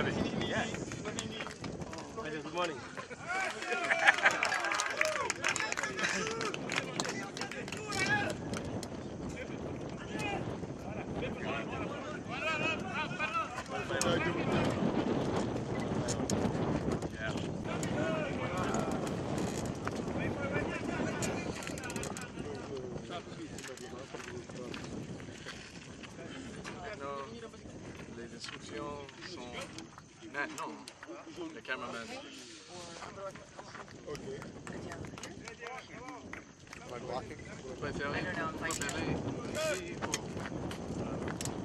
Yeah. Good morning. discusión Matt, no. The cameraman. Okay. Am I blocking? Am I failing? I don't know. I'm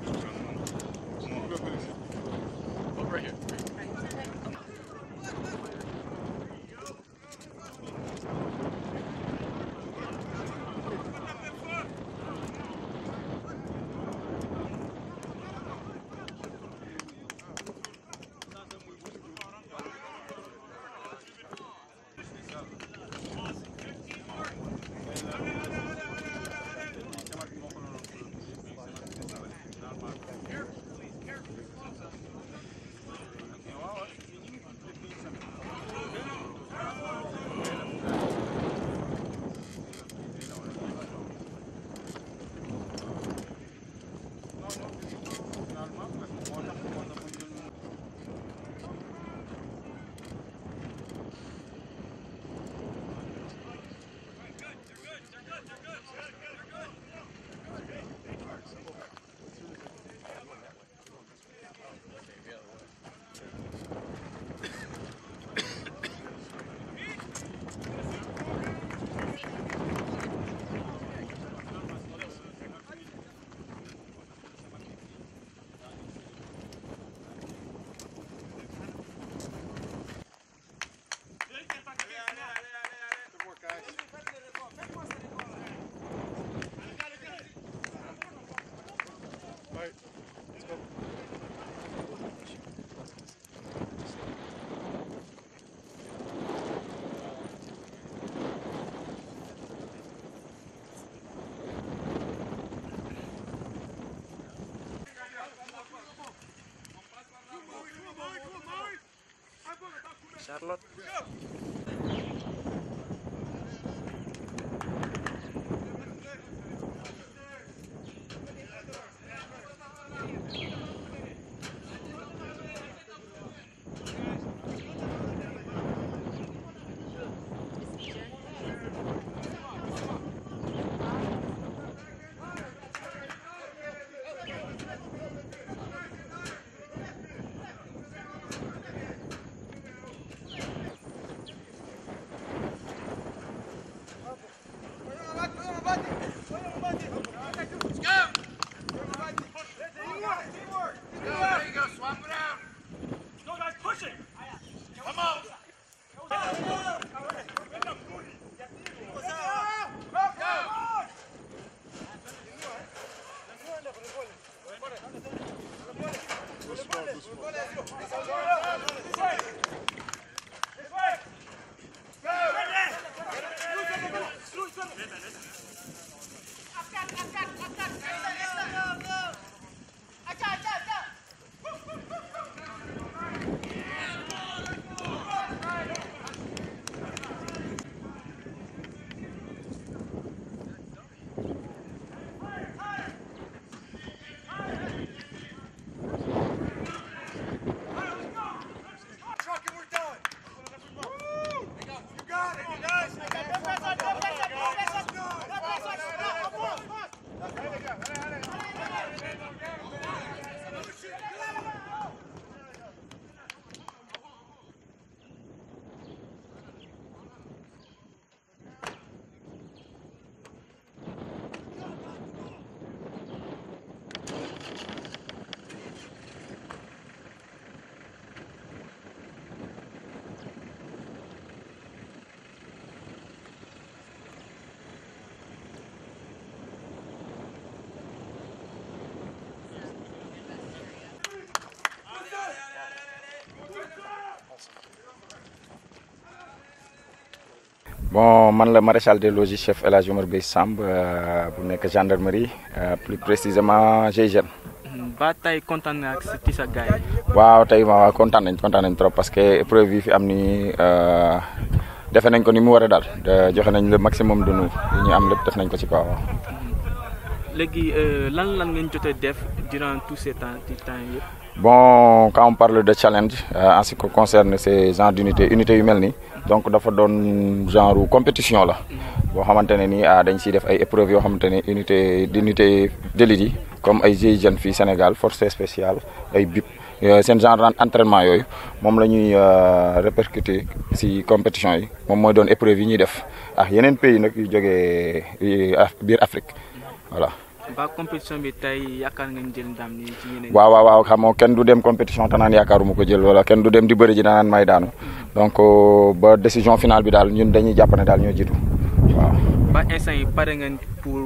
Charlotte. bon man la maréchal des logis chef El Hadj Omar Bey Samb euh, bu nekk gendarmerie euh, plus précisément GIGN. ba tey kontaan na ak ci sa gars yi. waaw tey ma kontaan nañ kontaan nañ trop parce que épreuve yi fi am ni euh, defe nañ ko ni mu war a daal joxe nañ le maximum de nous yi ñu am lépp def nañ ko ci quoi waaw. léegi lan lan ngeen jotee def durant tous ces temps ci temps bon quand parle de challenge euh, en ce qui concerne ces genres d'unité unité yu mel nii donc dafa doon genre compétition la boo xamante ne nii ah dañ siy def ay épreuves yoo xamante ne unité d'unité d'élite yi comme ay GIE jeunes fii Sénégal force spéciale ay BIP euh, seen genre entraînement yooyu moom la ñuy euh, répercuter si compétition yi moom mooy doon épreuve yi ñuy def ah yeneen pays nag yu jógee biir Afrique voilà ba compétition bi tey yaakaar nga jël ndam waaw waaw waaw xam nga kenn du dem compétition te naan yaakaaruma ko jël wala kenn du dem di bëri ji danaan may daanu mm-hmm. donc euh, ba décision finale bi daal ñun dañuy jàpp ne daal ñoo jiitu waaw. ba instant yi pare ngeen pour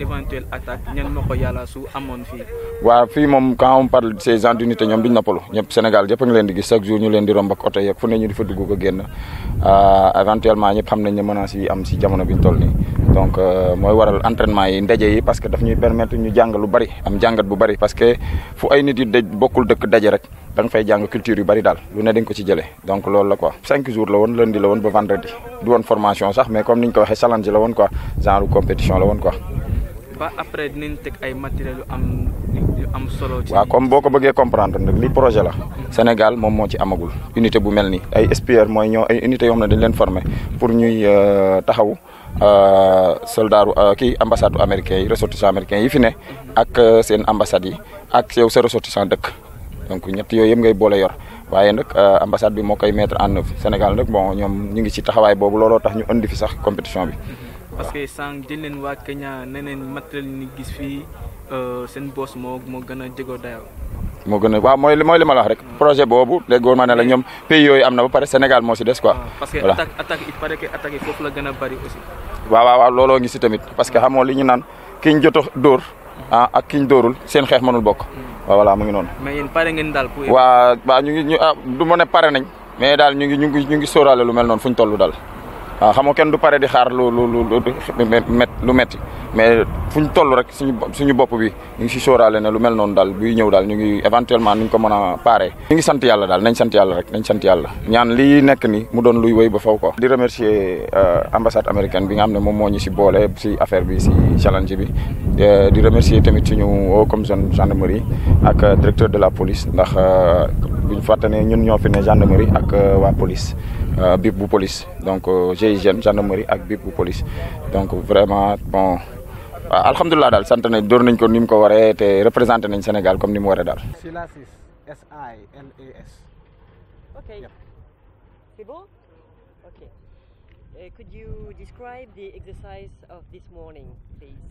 éventuelle attaque ñan ma ko su amoon on parle de ces gens d'unité ñoom duñ noppalu ñëpp Sénégal yëpp a ngi leen di gis chaque jour ñu leen di romb ak oto yeeg fu ne ñu di fa dugg ko génn euh, éventuellement ñëpp xam nañ ne menaces yi am si jamono biñ toll nii. donc euh, mooy waral entraînement yi ndaje yi parce que daf ñuy permettre ñu jàng lu bari am jàngat bu bari parce que fu ay nit yu bokkul dëkk daje rek da nga fay jàng culture yu bari daal lu ne dañ ko ci jëlee donc loolu la ko cinq jours la woon lundi la woon ba vendredi du woon formation sax mais comme ni ñu ko waxee challenge la woon quoi genre compétition teg ay matériel am am solo. waaw comme boo ko bëggee comprendre nag li projet la. Sénégal moom moo ci amagul unité bu mel ni ay SPR mooy ñoo ay unité yoo xam ne dañ leen former pour ñuy euh, taxaw. Euh, soldat euh, kii ambassade américain yi ressortissant américain yi fi ne ak euh, seen ambassades yi ak yow sa ressortissant dëkk donc ñett yooyu yëpp ngay boole yor waaye nag ambassade bi moo koy mettre en œuvre Sénégal nag bon ñoom ñu ngi ci taxawaay boobu looloo tax ñu indi fi sax compétition bi. parce que sànq jël leen waa Kenya neneen matériel ni gis fii seen boss moo moo gën a jégoo dayoo. moo gën a waaw mooy mooy li ma la rek projet boobu déggoon ma ne la ñoom pays yooyu am na ba pare Sénégal moo si des quoi. Ah, parce que attaque attaque il a bari aussi. waaw looloo ngi si tamit parce que xamoo li ñu naan ki joto jot a dóor mm. ah ak ki ñu seen xeex mënul bokk. Mm. wala mu ngi noonu. mais yéen pare ngeen daal pour. waa ñu ngi ñu ah du ma ne pare nañ mais daal ñu ngi ñu ñu ngi sóoraale lu mel noon fu ñu toll daal. waaw xam nga kenn du pare di xaar lu lu lu lu mais fu ñu toll rek suñu suñu bopp bi ñu ngi si soorale na lu mel noonu daal buy ñëw daal ñu ngi éventuellement nuñ ko mën a paree ñu ngi sant yàlla daal nañ sant yàlla rek nañ sant yàlla ñaan lii nekk ni mu doon luy woy ba faw ko di remercier euh, ambassade américaine bi nga xam ne moom moo ñu si boole si affaire bi si challenge bi euh, di remercier tamit ñu suñu haut commission gendarmerie ak euh, directeur de la police ndax buñ fàtte ne ñun ñoo fi ne gendarmerie ak waa police Euh, BIP bu police donc euh, GIGN gendarmerie ak BIP bu police donc vraiment bon waaw ah, alhamdulilah daal sant nañ door nañ ko ni mu ko waree te représenté nañ Sénégal comme ni mu waree daal. Silasis I L A e S. Okay. Euh,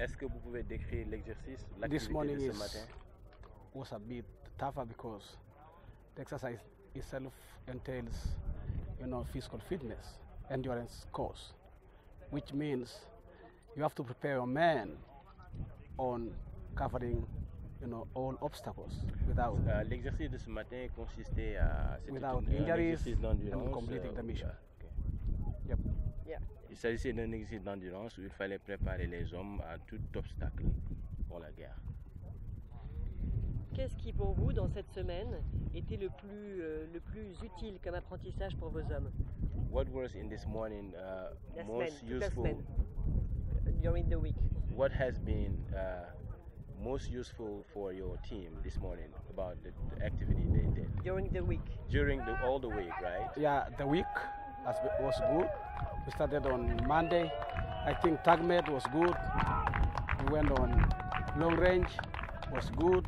ce que vous pouvez décrire l'exercice, l'activité de you know, physical fitness, endurance course, which means you have to prepare your man on covering all obstacles without. Euh, l'exercice de ce matin consistait à without euh, injuries and completing euh, the mission. Okay. Yep. d'un exercice d'endurance où il fallait préparer les hommes à tout obstacle pour la guerre. Qu'est-ce qui pour vous, dans cette semaine, était le plus, euh, le plus utile comme apprentissage pour vos hommes What was in this morning uh, la semaine, most toute la useful semaine, during the week What has been uh, most useful for your team this morning about the, the activity they did during the week? During the, all the week, right? Yeah, the week has, was good. We started on Monday. I think tag met was good. We went on long range was good.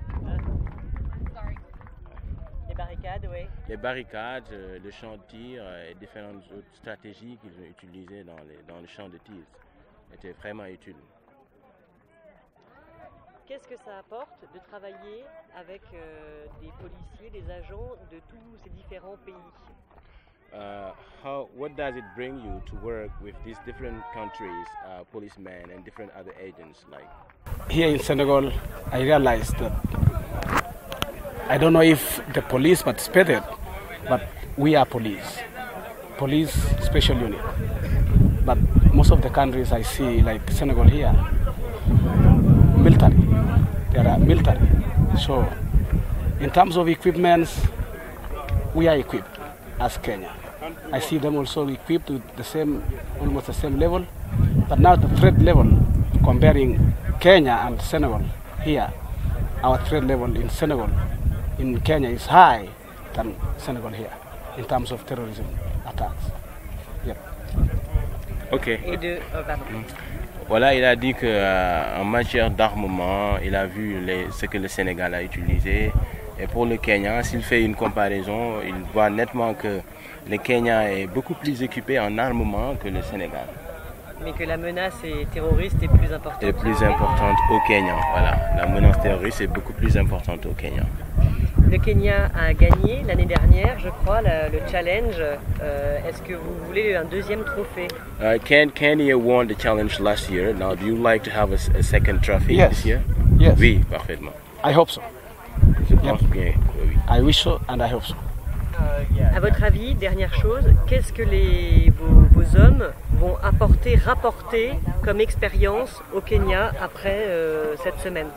barricades, oui. Les barricades, euh, le de tir euh, et différentes autres stratégies qu'ils ont utilisées dans, les, dans de tir étaient vraiment utiles. Qu'est-ce que ça apporte de travailler avec euh, des policiers, des agents de tous ces différents pays Uh, how what does it to work with these different countries uh, policemen and agents here in senegal i realized I don't know if the police participated, but we are police, police special unit. But most of the countries I see, like Senegal here, military, there are military. So in terms of equipments, we are equipped as Kenya. I see them also equipped with the same, almost the same level. But now the threat level, comparing Kenya and Senegal here, our threat level in Senegal in Kenya is high terrorism attacks. Yep. Ok. Euh, mm. Voilà, a dit que euh, matière d'armement, il a vu les, ce que le Sénégal a utilisé. Et pour le Kenya, s'il fait une comparaison, il voit nettement que le Kenya est beaucoup plus équipé en armement que le Sénégal. Mais que la menace terroriste est plus importante. au Kenya, La menace terroriste est beaucoup plus importante au Kenya. Le Kenya a gagné l'année dernière, je crois, la, le challenge. Euh, Est-ce que vous voulez un deuxième trophée uh, Ken, Kenya won the challenge last year. Now, do you like to have a, a second trophy yes. this year? Yes. Oui, parfaitement. I hope so. Je pense yep. bien. Oui. I wish so and I hope so. À votre avis, dernière chose, qu'est-ce que les, vos, vos hommes avons apporté, rapporté comme expérience au Kenya après euh, cette semaine.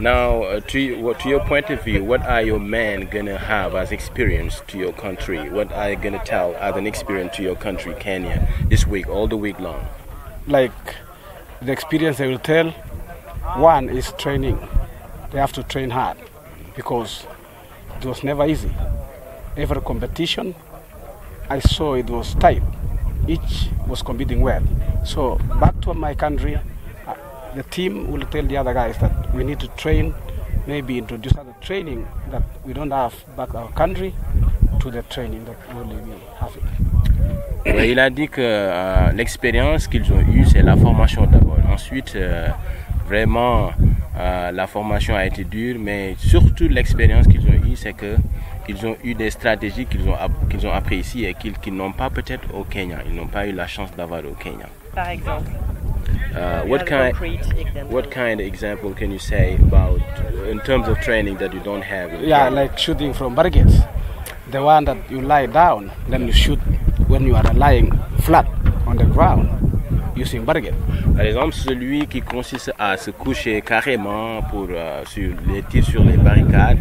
Now, uh, to, to your point of view, what are your men going to have as experience to your country? What are you going to tell as an experience to your country, Kenya, this week, all the week long? Like the experience I will tell, one is training. They have to train hard because it was never easy. Every competition I saw it was tight. each was competing well. So back to my country, uh, the team will tell the other guys that we need to train, maybe introduce other training that we don't have back our country to the training that only we have it. Ouais, il a dit que euh, l'expérience qu'ils ont eue, c'est la formation d'abord. Ensuite, euh, vraiment, euh, la formation a été dure, mais surtout l'expérience qu'ils ont eue, c'est que qu'ils ont eu des stratégies qu'ils ont, qu'ils et qu'ils n'ont pas peut-être au Kenya. Ils n'ont pas eu la chance d'avoir au Kenya. Par euh, can you say about in training you don't have yeah shooting from barricades the one that you lie down then you shoot when you are lying flat on the ground Youssou Mbarguen. Par exemple, celui qui consiste à se coucher carrément pour, euh, les tirs sur les barricades,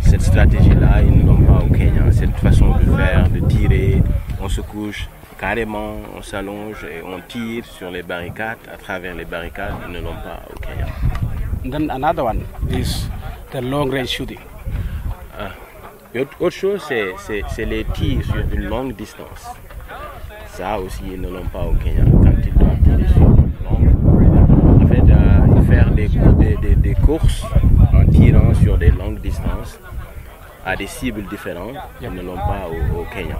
cette stratégie-là, ils ne l'ont pas au Kenya. Cette façon de faire, de tirer, on se couche carrément, on s'allonge et on tire sur les barricades, à travers les barricades, ils ne l'ont pas au Kenya. longues, en fait, de euh, faire des, des, des, des courses en tirant sur des longues distances à des cibles différentes comme ne l'ont pas au, au Kenya.